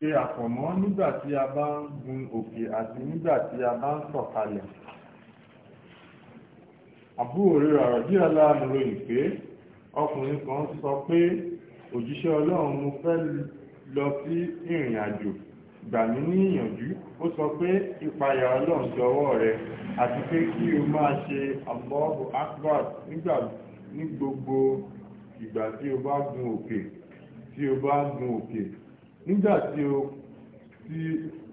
ṣe àfọ̀mọ́ nígbà tí a bá ń gun òkè àti nígbà tí a bá ń sọ̀kalẹ̀. àbúrò rẹ̀ ọ̀rọ̀ díẹ̀ láàrin ròyìn pé ọkùnrin kan sọ pé òjíṣẹ́ ọlọ́run mo fẹ́ lọ sí ìrìn àjò gbà mí ní ìyànjú ó sọ pé ìpayà ọlọ́run jọ̀wọ́ rẹ àti pé kí o máa ṣe Allahu Akbar ní gbogbo ìgbà tí o bá gun òkè tí o bá gun òkè nígbàtí ó tí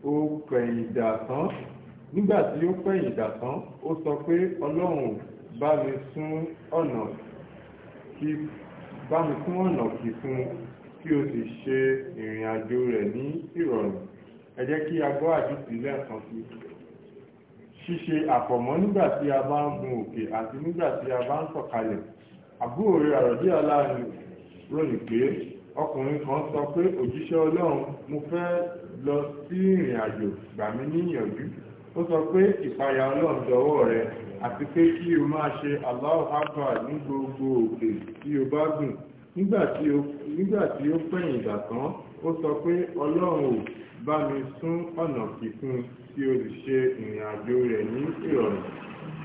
ó pẹ̀yìn dà tán nígbàtí ó pẹ̀yìn dà tán ó sọ pé ọlọ́run bá mi sún ọ̀nà kí bá mi sún ọ̀nà kí fún kí o sì ṣe ìrìn àjò rẹ̀ ní ìrọ̀rùn ẹ kí a gbọ́ àdìsí lẹ́ẹ̀kan sí ṣíṣe àfọ̀mọ́ nígbà tí a bá ń gun òkè àti nígbà tí a bá ń sọ̀kalẹ̀ àbúrò rẹ̀ àròdí ọlá ròyìn pé ọkùnrin kan sọ pé òjíṣẹ́ ọlọ́run mo fẹ́ lọ sí ìrìn àjò gbà mí níyànjú ó sọ pé ìpayà ọlọ́run dọwọ́ rẹ àti pé kí o máa ṣe Allahu Akbar ní gbogbo òkè tí o bá gùn nígbà tí ó pẹ̀yìn ìgbà tán ó sọ pé ọlọ́run ò bá mi sún ọ̀nà kíkún tí o lè ṣe ìrìn àjò rẹ̀ ní ìrọ̀rùn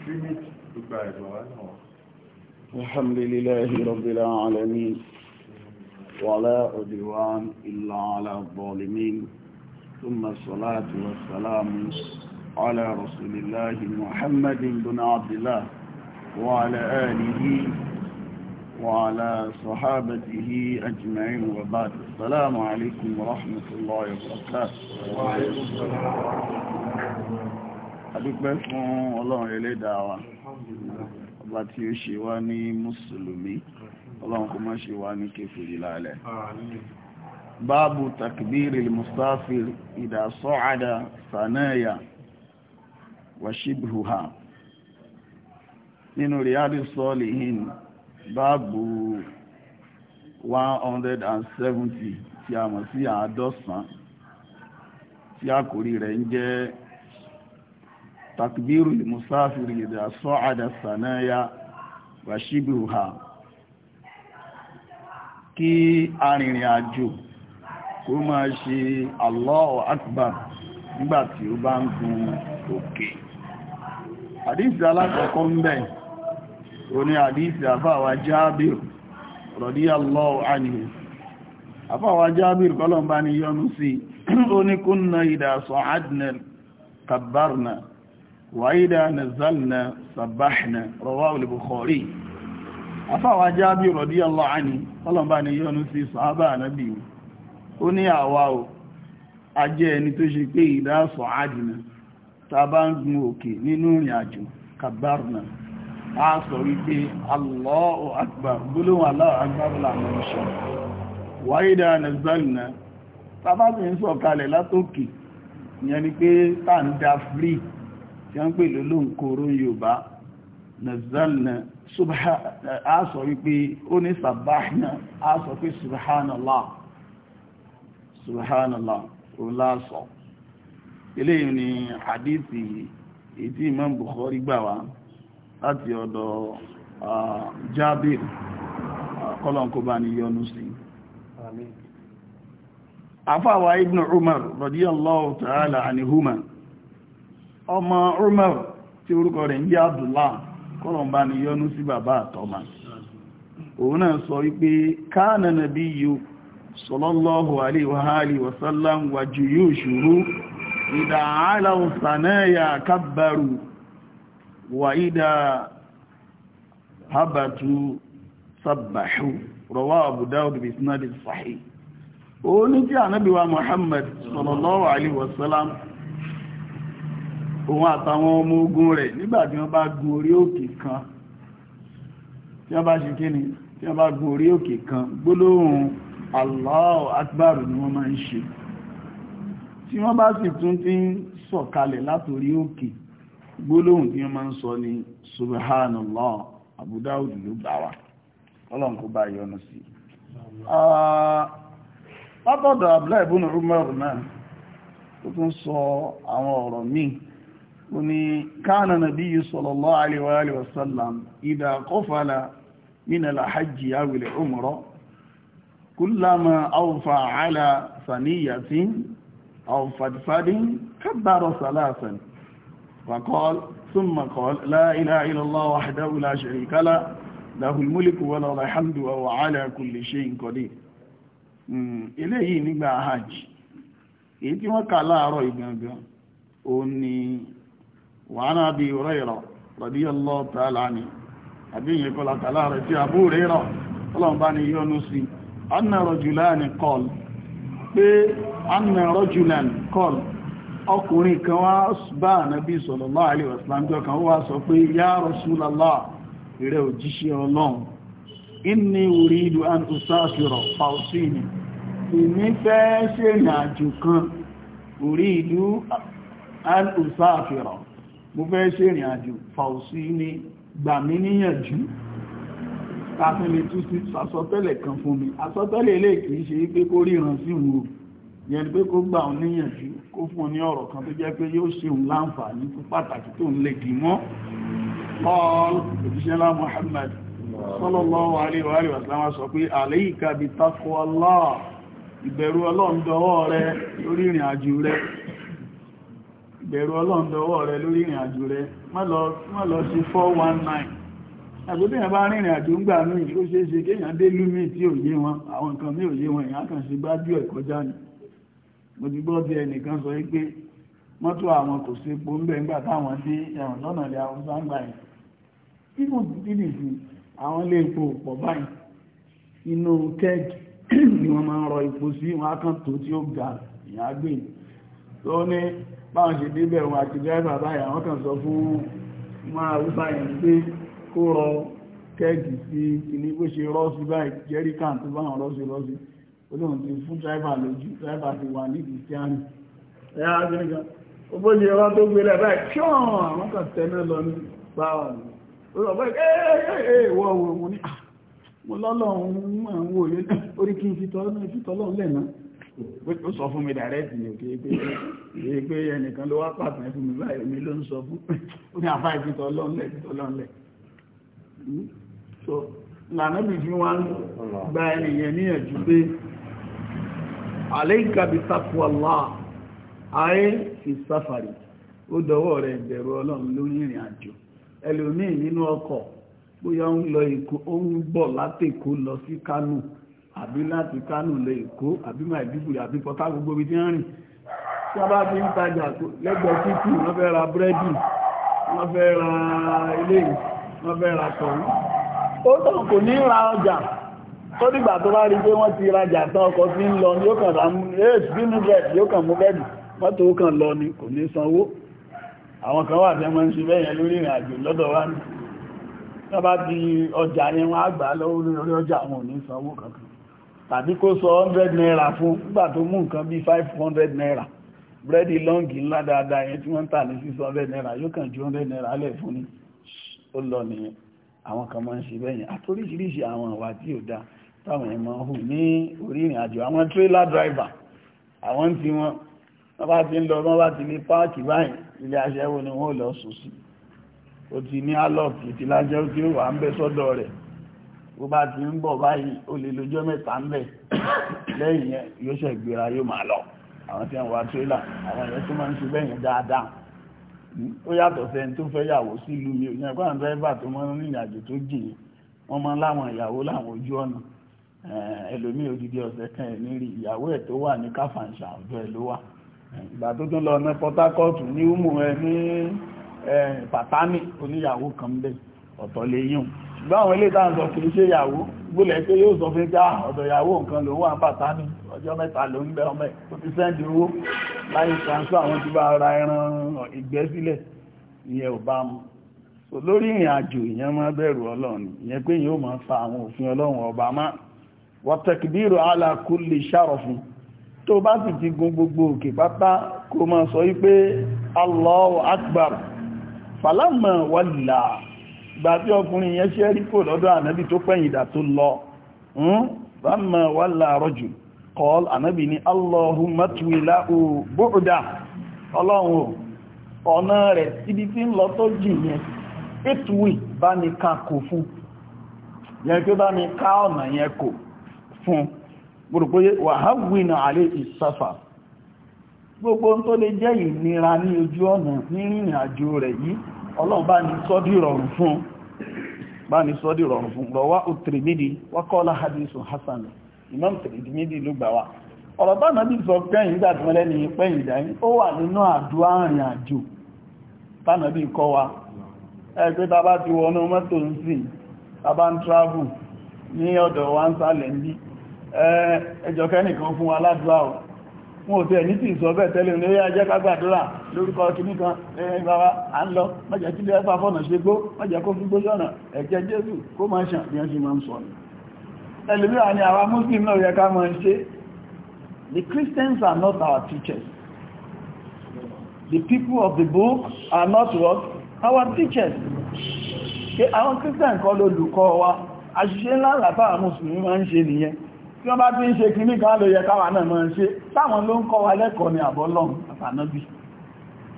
síbí gbogbo ìgbà wa náà. alhamdulillahi rabbil alamin. ولا عدوان إلا على الظالمين ثم الصلاة والسلام على رسول الله محمد بن عبد الله وعلى آله وعلى صحابته أجمعين وبعد السلام عليكم ورحمة الله وبركاته وعليكم السلام adúpẹ́ fún ọlọ́run ẹlẹ́dàá wa ọba tí ọlọ́run kó má ṣe wá ní kéfèrè lálẹ́ báàbù takbiri musafir ìdásọ́ada sanaya wàṣíbùhà nínú riyadu solihin báàbù 170 tí a mọ̀ sí àádọ́sán tí àkórí rẹ̀ ń jẹ́ takbiri musafir ìdásọ́ada sanaya wàṣíbùhà kí arìnrìn àjò kó máa ṣe Allahu Akbar nígbàtí ó bá ń gun òkè àdísì alákọ̀ọ́kọ́ ń bẹ̀ o ní àdísì àfáwà Jábìr radiyallahu anhu àfáwà Jábìr kọlọ̀mbá ni yọnu sí ó ní kunna idha sa'adna kabbarna wa nazalna sabbahna rawahu bukhari afáwà jábí rọ̀dí aláàánì ọlọ́mbà ni yọ́nú sí sàábà ànábì ó ní awa o a ẹni tó ṣe pé ìdásọ̀ àjìnà ta ń gun òkè nínú ìrìn àjò kàbárùnà a sọ wípé Allahu akbar gbólóhùn Allahu akbar na ta a sọ wípé ó ní sàbáhìnà a sọ pé subhanallah subhanallah olásọ eléyìí ni hadithi ètí imam bukhari gbà wá láti ọ̀dọ̀ jabir kọlọ̀nkọba ni yọnu sí afáwa ibn umar radiyallahu ta'ala anihuma ọmọ umar tí orúkọ rẹ̀ ń jẹ́ abdullah kọ́lọ̀n bá ní yọ́nú sí bàbá àtọ́mà òun náà sọ wípé káànà nàbí yíò sallallahu alaihi wa sallam wà jù yóò ṣùrú ìdà aláwọ̀ sànáyà kábàrù wà ìdà habatu sabbahu rọwà Abu Dawud bí òun àtàwọn ọmọ ogun rẹ̀ nígbàtí wọ́n bá gun orí òkè kan tí wọ́n bá ṣe kí ni tí wọ́n bá gun orí òkè kan gbólóhùn Allahu Akbar ni wọ́n máa ń ṣe tí wọ́n bá sì tún ti ń sọ̀kalẹ̀ látorí òkè gbólóhùn tí wọ́n máa ń sọ ni subhanallah Abu Dawud ló gbà wá ọlọ́run kó bá yọ́nú sí ah, látọ̀dọ̀ Abdullahi ibn Umar náà ó tún sọ àwọn ọ̀rọ̀ míì وني كان النبي صلى الله عليه وآله وسلم إذا قفل من الحج أو العمر كلما أوفى على ثنية أو فدفد كبر ثلاثا وقال ثم قال لا إله إلا الله وحده لا شريك له له الملك ولا الحمد وهو على كل شيء قدير eléyìí nígbà hajj èyí tí wọ́n kà láàárọ̀ ìgbàngàn وعن أبي هريرة رضي الله تعالى عنه أبي يقول تعالى رجي أبو هريرة اللهم باني أن رجلان قال أن رجلا قال ọkùnrin kan wá bá ànábí sallallahu alaihi wasallam jọ kan wá sọ pé ya Rasulullah rẹ̀ òjíṣẹ́ ọlọ́run inni uridu an usafira fausini ìní fẹ́ ṣe ìrìnàjò kan uridu an usafira mo fẹ́ ṣe ìrìn àjò fàòsí ní gbà mí níyànjú tàfínlẹ̀ tún sí àsọtẹ́lẹ̀ kan fún mi àsọtẹ́lẹ̀ ilé kìí ṣe pé kó ríran sí òun yẹn pé kó gbà òun níyànjú kó fún ní ọ̀rọ̀ kan tó jẹ́ pé yóò ṣe òun láǹfààní fún pàtàkì tó ń lè dì mọ́ paul òjíṣẹ́lá Muhammad sallallahu alaihi wa alihi wa sallam sọ pé alayka bi taqwa Allah ìbẹ̀rù Ọlọ́run dọwọ́ rẹ lórí ìrìn bẹ̀rù ọlọ́ndọwọ́ rẹ lórí ìrìn àjò rẹ má lọ sí 419 àgbébìnrin bá rìnrìn àjò ń gbà míì ó ṣeé ṣe kéèyàn dé lúmí tí ò yé wọn àwọn nǹkan mí ò yé wọn èèyàn kàn sí gbájú ẹ̀ ni mo ti gbọ́ bí ẹnìkan sọ pé mọ́tò àwọn kò sí epo ń bẹ̀ ńgbà táwọn dé ẹ̀wọ̀n lọ́nà ilẹ̀ haúsá ń gbà yẹn fífún títí àwọn ilé epo pọ̀ báyìí inú kẹ́ẹ̀kì ni báwọn ṣe débẹ̀ wọn àti dráìbà báyìí àwọn kan sọ fún máa rúbá yẹn pé kó rọ kẹ́ẹ̀kì sí kìíní bó ṣe rọ́ sí báyìí jẹ́ríkà tó báwọn rọ́ sí rọ́ sí olóhùn ti fún dráìbà lójú dráìbà ti wà ní kìíní ẹ̀yà agbẹ́nìkan ogbó ni ọwọ́ tó gbé lẹ́bàá ṣọ́n àwọn kan tẹ́lẹ̀ lọ ní báwọn olùgbọ́ ẹ̀ẹ́wọ̀ wọ̀ mo ní mo lọ́lọ́run mọ̀ ń wò lé orí kí n fi tọ́lọ́run lẹ́nà ó sọ fún mi dàrẹ́tì ní òkè pé èyí pé ẹnìkan ló wá pàtàkì fún mi báyìí omi ló ń sọ fún ó ní àfáà ìfitọ́ lọ́nlẹ̀ ìfitọ́ lọ́nlẹ̀ hmm? so lànà bí fi wá ń gba ènìyàn níyànjú pé àlẹ́kà bí sáfù àlá ayé fi sáfàrí ó dọwọ́ rẹ̀ bẹ̀rù ọlọ́run lórí ìrìn àjò ẹlòmíì nínú ọkọ̀ bóyá ń lọ èkó ó ń bọ̀ látèkó lọ sí kánò àbí láti Kánò lọ Èkó àbí Maiduguri àbí Port Harcourt gbogbo ibi tí wọ́n rìn tí wọ́n bá fi ń tajà lẹ́gbẹ̀ẹ́ títì wọ́n fẹ́ ra búrẹ́dì wọ́n fẹ́ ra ilé wọ́n fẹ́ ra tọ̀hún ó tàn kò ní ra ọjà tó dìgbà tó bá rí pé wọ́n ti rajà tán ọkọ̀ sí ń lọ ní ó kàn rámú 8 bínú bẹ́ẹ̀dì yóò kàn mú bẹ́ẹ̀dì mọ́tò ó kàn lọ ni kò ní sanwó àwọn kan wà tẹ́mọ́ ń ṣe bẹ́yẹn lórí ìrìn àjò lọ́dọ̀ wá ní tọ́bá ti ọjà yẹn wọ́n á gbà lọ́wọ́ lórí ọjà àwọn ò ní sanwó kankan tàbí kó sọ 100 naira fún nígbà tó mú nǹkan bí 500 naira búrẹ́dì lọ́ngì ńlá dáadáa yẹn tí wọ́n tà ní 600 naira yóò kàn ju 100 naira lẹ̀ fún ni ó lọ nìyẹn àwọn kan máa ń ṣe bẹ́yìn àtoríṣiríṣi àwọn ìwà tí ò dáa táwọn èèyàn máa ń hù ní orí ìrìn àjò àwọn tírélà driver àwọn tí wọ́n wọ́n bá ti ń lọ wọ́n bá ti ní páàkì báyìí ilé aṣẹ́wó ni wọ́n lọ sùn sí ó ti ní álọ́ọ̀kì ìtìlájẹ́ ó ti wà ń bẹ́ sọ́dọ̀ rẹ̀ bó bá ti ń bọ̀ báyìí ó lè lójọ́ mẹ́ta ń bẹ̀ lẹ́yìn yẹn yóò ṣe gbéra yóò máa lọ àwọn tí wọ́n wá tírélà àwọn èèyàn tó máa ń ṣe bẹ́yìn dáadáa ó yàtọ̀ sẹ́ni tó fẹ́ yàwó sílùú mi òyìn ẹ̀kọ́ àwọn dírẹ́fà tó máa ń rìnrìn àjò tó jìn wọ́n máa ń láwọn ìyàwó láwọn ojú ọ̀nà ẹlòmíì odidi ọ̀sẹ̀ kan ẹ̀ nírí ìyàwó ẹ̀ tó wà ní káfàǹṣà ọ̀dọ̀ ẹ̀ ló wà ìgbà tó tún lọ ní Port Harcourt ní umu ẹ ní pàtánì oníyàwó kan bẹ́ẹ̀ ọ̀tọ̀ lẹ́yìn ṣùgbọ́n àwọn ilé ìtàn sọ kìí ṣe ìyàwó gbólẹ̀ pé yóò sọ fẹ́ já ah, ọ̀dọ̀ ìyàwó nǹkan lòun wà bàtà ní ọjọ́ mẹ́ta ló ń bẹ ọmọ ẹ̀ tó ti sẹ́ndì owó láì ṣàǹsọ àwọn tí bá ra ẹran ìgbẹ́ sílẹ̀ ìyẹn ò bá mu so lórí ìrìn àjò ìyẹn máa bẹ̀rù ọlọ́run ìyẹn pé yóò máa fa àwọn òfin ọlọ́run ọba ìgbà ọkùnrin yẹn ṣe rí kò lọ́dọ̀ ànábì tó pẹ̀yìn tó lọ hmm? bá mọ̀ wà láàárọ̀ jù kọ́l ànábì ní allahumma ọ̀nà rẹ̀ ibi lọ tó ní ká kò fún yẹn ní ká ọ̀nà yẹn gbogbo tó lè jẹ́ ìnira ní ojú ọ̀nà rẹ̀ yìí ọlọ́run bá ní sọ́dí rọrùn fún bá ní sọ́dí rọrùn fún rọwá òtìrìmìdì wákọ́lá hadisun hassan imam tìrìmìdì ló gbà wá ọ̀rọ̀ bá náà sọ pẹ́yìn ìdàtúnlẹ́ ní pẹ́yìn ìdáyìn ó wà nínú àdúrà àjò kọ́ wa ti wọn ò tẹ́ ní tí ìsọ bẹ́ẹ̀ tẹ́lẹ̀ ní ẹyà jẹ́ kágbàdúrà lórúkọ kìíní kan ẹ̀yìn bàbá à ń lọ mọ́jẹ̀ kí lẹ́fà fọ́nà ṣe gbó mọ́jẹ̀ kó fi gbó sọ́nà ẹ̀jẹ̀ Jésù kó máa ṣàn bí wọ́n máa ń sọ ní ẹlòmíràn ni àwa Muslim náà yẹ ká máa ṣe the Christians are not our teachers the people of the book are not what our teachers àwọn Christian kọ́ lolùkọ́ wa àṣìṣe ńlá làbá àwọn Mùsùlùmí máa tí wọ́n bá ti ń ṣe kìíní kan ló yẹ káwa náà máa ń ṣe táwọn ló ń kọ́ wa lẹ́kọ̀ọ́ ni àbọ́lọ́run àtànábì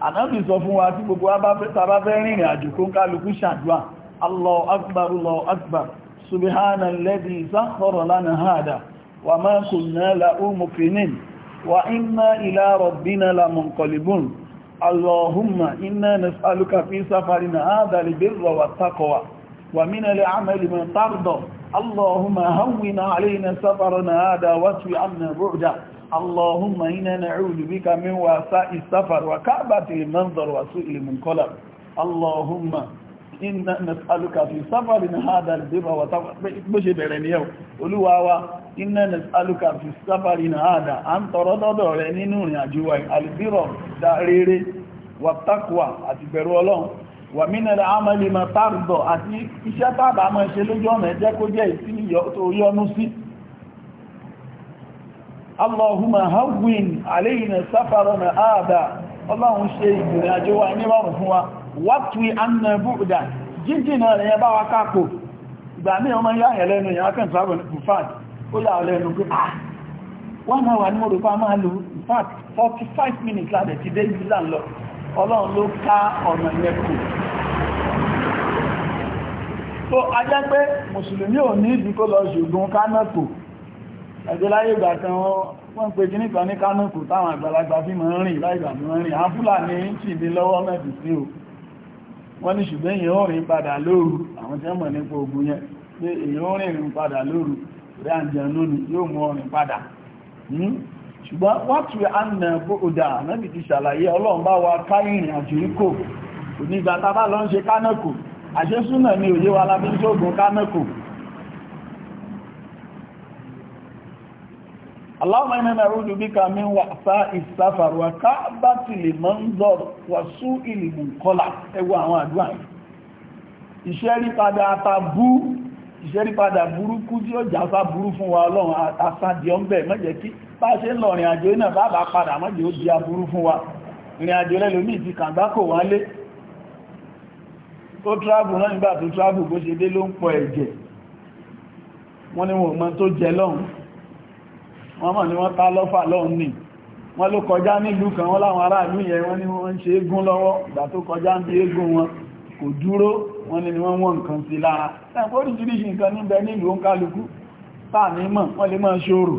ànábì sọ fún wa tí gbogbo tàbá fẹ́ rìnrìn àjò kó ń kálukú ṣàdúà Allahu akbar Allahu akbar subhana alladhi sakhkhara lana hada wa ma kunna lahu muqrinin wa inna ومن العمل من ترضى اللهم هون علينا سفرنا هذا واشف عنا بعده اللهم إنا نعوذ بك من وساء السفر وكعبة المنظر وسوء المنقلب اللهم إننا نسألك في سفرنا هذا البر وتوفيق Olúwa wa iná nas'aluka fi sáfàrí na àdá a ń tọrọ dọ́dọ̀ rẹ nínú داريري àjò أتبروا albirọ̀ wà mínàlá àmàlì mọ̀ tàbùdọ̀ àti iṣẹ́ tàbà mọ̀ ṣe lójú ọ̀nà ẹjẹ́ kó jẹ́ ìsí yọnú sí allahumma hawwin alayna safarana ààbà ọlọ́run ṣe wa ní fún wa wàtí anna búrúdà jíjìnà rẹ̀ bá wa kápò ìgbà ah! ní ọmọ yá yẹ̀ lẹ́nu ya yà one hour 45 ọlọ́run ló ká ọ̀nà yẹn kù tó ajá pé mùsùlùmí ò ní ìdí kó lọ ṣùgbọ́n kánàkù ẹ̀dẹ́ láyé ìgbà kan wọ́n ń pè kí nìkan ní kánàkù táwọn àgbàlagbà fi mọ̀ ń rìn láìgbà fi mọ̀ ń rìn àwọn fúlàní ń tì mí lọ́wọ́ mẹ́bì sí o wọ́n ní ṣùgbọ́n èyàn ò rìn padà lóru àwọn tí wọ́n mọ̀ nípa ogun yẹn pé èyàn ò rìn padà lóru rẹ̀ àjẹ́ lónìí yóò mú ọrìn padà hmm? ṣùgbọ́n wàtí àna bóòdà náàbì ti ṣàlàyé ọlọ́run bá wa ká ìrìn àjò ikò onígbà tàbá lọ ń ṣe kánàkù àṣẹ́súnà ni òye wa lábí ṣógun kánàkù اللهم إنا نعوذ بك من وعثاء السفر وكعبة المنظر وسوء المنقلع ẹwọ àwọn àdúrà ìṣẹ́rí padà àtàbú ìṣẹ́rípadà burúkú tí ó jásá burú fún wa ọlọ́run àtàsàdì ọmọbẹ̀ mọ́jẹ̀ kí bá ṣe ń lọ rìn àjò náà bá bá padà mọ́jẹ̀ ó di aburú fún wa rìn àjò lẹ́lòmí ti kàgbákò wálé tó travel náà nígbà tó travel bó ṣe dé ló ń pọ ẹ̀jẹ̀ wọ́n ní wọ́n mọ́ tó jẹ lọ́hun wọ́n mọ̀ ní wọ́n tá lọ́fà lọ́hun nì wọ́n ló wọ́n ní wọ́n wọ́n nǹkan sí lára ẹ̀kọ́ oríṣiríṣi nǹkan níbẹ̀ nílùú oǹkálukú tààmì mọ̀ wọ́n lè máa ṣòro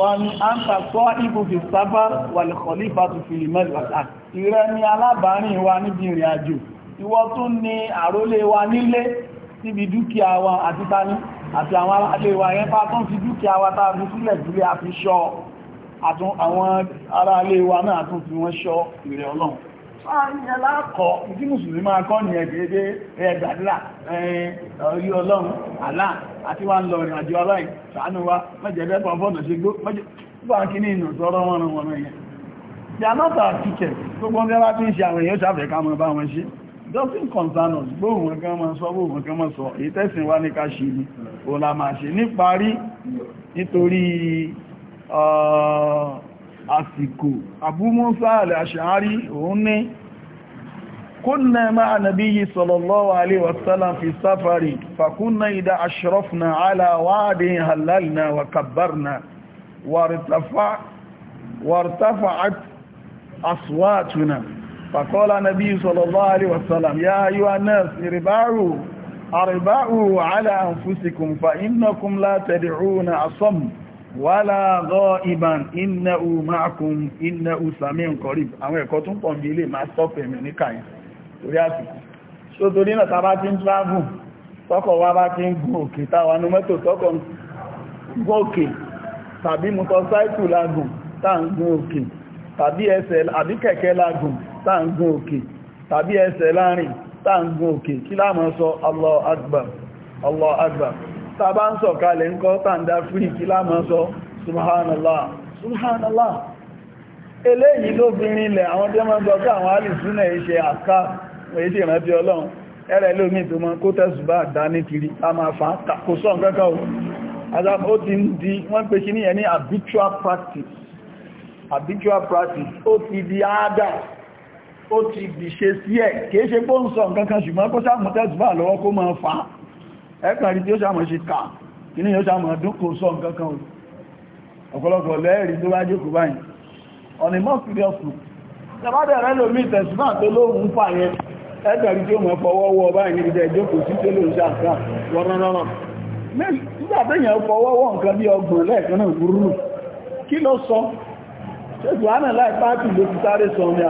wọ́n ni a ń tàkọ́ ibùfì sábà wàlẹ̀kọ̀lífà tó fi mẹ́lọ̀tà ìrẹ́ ni alábàárín wa níbi ìrìn àjò ìwọ tún ni àrólé wa nílé níbi dúkìá wa àti tani àti àwọn aláàlé wa yẹn bá tún fi dúkìá wa tàà fi sílẹ̀ sílẹ̀ àfi ṣọ́ àwọn aráalé wa náà tún fi wọ́n ṣọ́ ìrẹ́ ọlọ́run ìyẹn ìdí mùsùlùmí máa kọ́ ní ẹ̀dẹ́dẹ́ ẹgbàdílà orí ọlọ́run àlá àti wá ń lọ ìrìn aláì ṣàánú wa mẹ́jẹ̀ẹ́dẹ́ pọ̀ ṣe gbó bá ìnù they are not our teachers gbogbo ọgbẹ́ bá fi ń ṣe àwọn èèyàn ṣàfẹ́ ká mọ́ bá wọn ṣe doesn't concern us gbóhùn wọn kan máa sọ gbóhùn wọn kan máa sọ èyí tẹ́sìn wá ní ká ṣe ni òun la máa ṣe níparí nítorí uh, àsìkò Abu Musa al-Ash'ari òun ní kúnnà máa nàbí yìí sallallahu alaihi wasallam fi sáfàrí fàkúnnà ìdá ashrafna ala wádìí halalna wa kabbarna وارتفعت أصواتنا فقال النبي صلى الله عليه وسلم يا أيها الناس اربعوا اربعوا على أنفسكم فإنكم لا تدعون أصم wàlá gọ́ ìbàn iná u máàkùn iná u sàmí ǹkọ̀rí àwọn ẹ̀kọ́ tún pọ̀ bí ilé máa sọ́pẹ̀ mi ní kàyìn torí àsìkò so torí náà tàbá ti ń travel tọ́kọ̀ wá bá ti ń gún òkè táwa ní mọ́tò tọ́kọ̀ gún òkè tàbí mọ́tọ́sáìkù lágùn lágùn tàbá ń sọ̀kalẹ̀ ń kọ́ tàndà fíríkì lámọ́ sọ subhanallah subhanallah eléyìí ló fi rinlẹ̀ àwọn tí wọ́n sọ pé àwọn alìsúnà iṣẹ́ àká èyí tí ìrántí ọlọ́run ẹ̀rẹ̀ lómi tó mọ́ kó tẹ́sùbá dání kiri a máa ó ti ń di wọ́n pè kí ní habitual practice habitual practice ó ti di àádá ó ti di ṣe sí ẹ̀ kìí ṣe pó ń sọ nǹkankan ṣùgbọ́n kó sáà mú lọ́wọ́ kó máa fa ẹ́kàrí tí ó sàmọ̀ ṣe ká kí ní yóò sàmọ̀ dúnkò sọ nǹkankan ọ̀pọ̀lọpọ̀ lẹ́ẹ̀rí tó wájú kù báyìí ọ̀nà mọ́ síríọ̀sù tẹbádẹ̀rẹ́ lómi tẹ̀sùmá tó lóhun fàyẹ ẹ́kàrí tí ó mọ̀ fọwọ́ wọ báyìí níbi ẹjọ́kù sí tó lóhun sàkà wọ́nrọ́rọ́ nígbà tẹ́yàn fọwọ́ wọ nǹkan bí ọgbọ̀n lẹ́ẹ̀kan ló sọ ṣètò ánà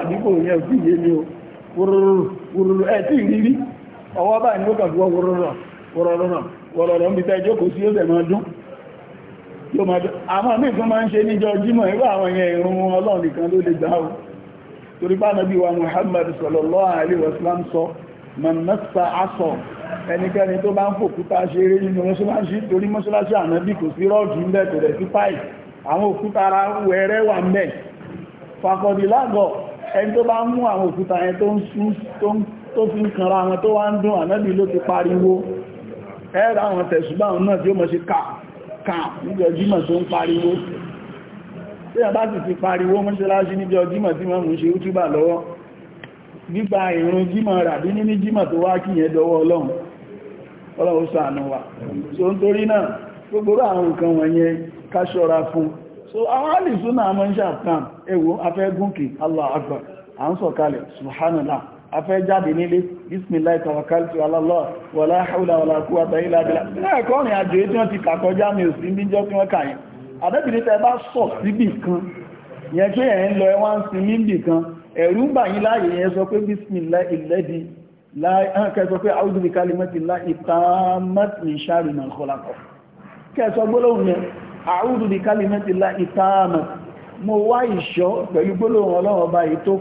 ni ó wúrúrú ẹ̀ tí ìrírí ọwọ́ báyìí ló kàgbọ́ wúrúrú wọ́rọ̀lọ́nà wọ́rọ̀lọ́ ń bí tẹ́ jókòó sí yóò máa dún àwọn mìí fún máa ń ṣe níjọ jímọ̀ ẹgbà àwọn èèyàn ìrun ọlọ́run nìkan ló lè gbáwó torí bá nàbí wa Muhammad sallallahu alaihi wasallam sọ mọ̀nàṣà asọ̀ ẹnikẹ́ni tó bá ń fòkúta ṣeré nínú mọ́ṣáláṣí torí mọ́ṣáláṣí ànábì kò sí rọ́ọ̀dù ń bẹ̀ tó rẹ̀ sí páì àwọn òkúta ara wẹ̀rẹ́ wà ń bẹ̀ fàkọ̀dìlágọ̀ ẹni tó bá mú àwọn òkúta yẹn tó fi ń kanra wọn tó wá ń dún ànábì ló ti pariwo ẹ̀rọ àwọn tẹ̀sùbáwọn náà tí ó mọ̀ sí kàà níjọ jímọ̀ tó ń pariwo tí a bá sì ti pariwo mọ́ṣáláṣí níjọ jímọ̀ tí wọ́n mú ṣe útúbà lọ́wọ́ gbígba jímọ̀ níní jímọ̀ tó wá kí yẹn dọwọ́ ọlọ́run ọlọ́run so afẹ́ jáde nílé bismillah tawakkaltu ala Allah wala hawla wala quwwata illa billah lẹ́ẹ̀kọ́ rìn àjò tí wọ́n ti kàkọjá mi ò sí bí jọ kí wọ́n kà yẹn àdẹ́bìnrin tẹ bá sọ̀ síbì kan yẹn pé ẹ̀ lọ ẹwà ń sin níbì bismillah alladhi kẹsọ pé a'udhu bi kalimatillahi tammati min sharri ma khalaqa kẹsọ gbólóhùn yẹn a'udhu bi kalimatillahi tammati mo wá ìṣọ́ pẹ̀lú gbólóhùn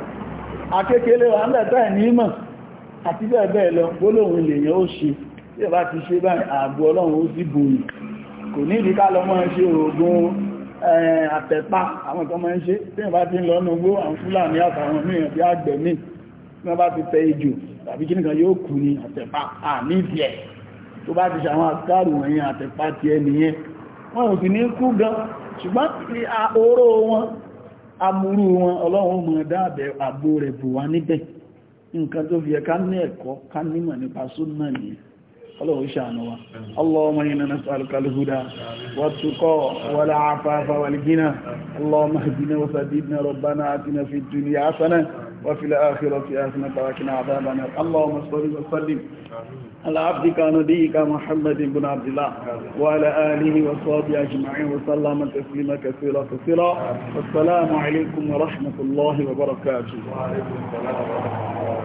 akékeré wà mẹ́ta ní ìmọ̀ àti bẹ́ẹ̀bẹ́ẹ̀ lọ gbólóhùn lèyàn ó ṣe tí ẹ̀bá ti ṣe báyìí ààbò ọlọ́run ó sì bòyì kò ní ìdíká lọ mọ́ ṣe oògùn àtẹ̀pá àwọn kan mọ́ ṣe tí ẹ̀bá ti ń lọ nú gbó àwọn fúlàní àtàwọn mìíràn tí àgbẹ̀ mí wọ́n bá ti amúrú wọn ọlọ́run mọ̀ dáàbẹ̀ àbò rẹ̀ bù wá níbẹ̀ nǹkan tó fi ẹ̀ká ní ẹ̀kọ́ ká nímọ̀ nípa súnmọ̀ nìyẹn ọlọ́run ṣàánú wa allahumma inna nas'aluka al-huda wa tuqa wa al وفي الآخرة حسنة وقنا عذاب النار اللهم صل وسلم على عبدك ونبيك محمد بن عبد الله وعلى آله وصحبه أجمعين وسلم تسليما كثيرا كثيرا والسلام عليكم ورحمة الله وبركاته وعليكم السلام ورحمة الله